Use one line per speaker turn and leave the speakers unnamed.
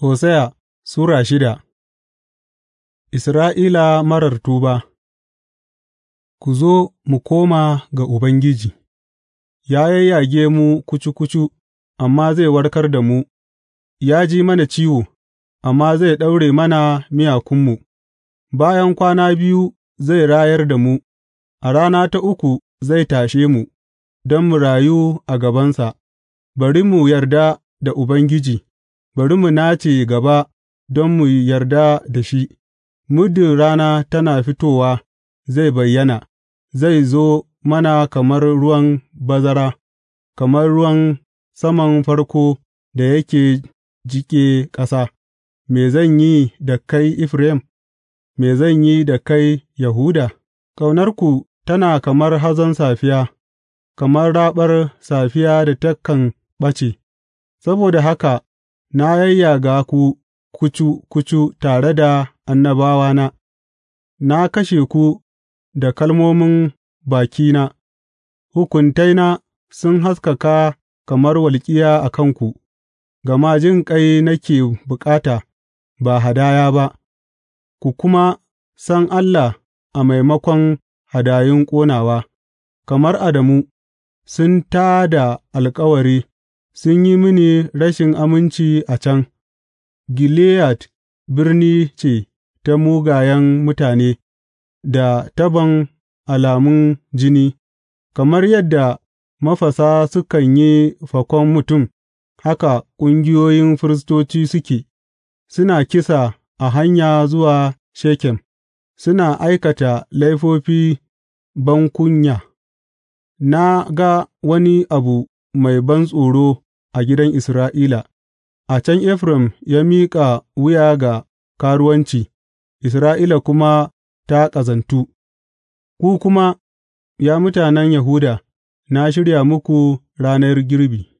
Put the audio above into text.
Hosiya Sura shida Isra'ila marar tuba Ku zo mu koma ga Ubangiji, ya yayyage mu kucu kucu, amma zai warkar da mu, ya ji mana ciwo, amma zai ɗaure mana miyakunmu, bayan kwana biyu zai rayar da mu, a rana ta uku zai tashe mu, don mu rayu a gabansa, bari mu yarda da Ubangiji. bari mu nace gaba don mu yarda da shi; muddin rana tana fitowa zai bayyana, zai zo mana kamar ruwan bazara, kamar ruwan saman farko da yake jiƙe ƙasa. Me zan yi da kai Efraim, me zan yi da kai Yahuda? Ƙaunarku tana kamar hazon safiya, kamar raɓar safiya da takan ɓace; saboda haka. na yayyaga ku kucu kucu tare da annabawana, na kashe ku da kalmomin bakina, hukuntaina sun haskaka kamar walƙiya a kanku, gama jinƙai nake bukata ba hadaya ba, ku kuma san Allah a maimakon hadayun ƙonawa, kamar Adamu, sun tā da alkawari. sun yi mini rashin aminci a can, Gileyad birni ce ta mugayen mutane da taban alamun jini, kamar yadda mafasa sukan yi fakon mutum, haka ƙungiyoyin firistoci suke, suna kisa a hanya zuwa Shekem, suna aikata laifofi bankunya. Na ga wani abu mai ban tsoro. a gidan Isra'ila, a can Efraim ya miƙa wuya ga karuwanci, Isra'ila kuma ta ƙazantu, ku kuma, ya mutanen Yahuda, na shirya muku ranar girbi.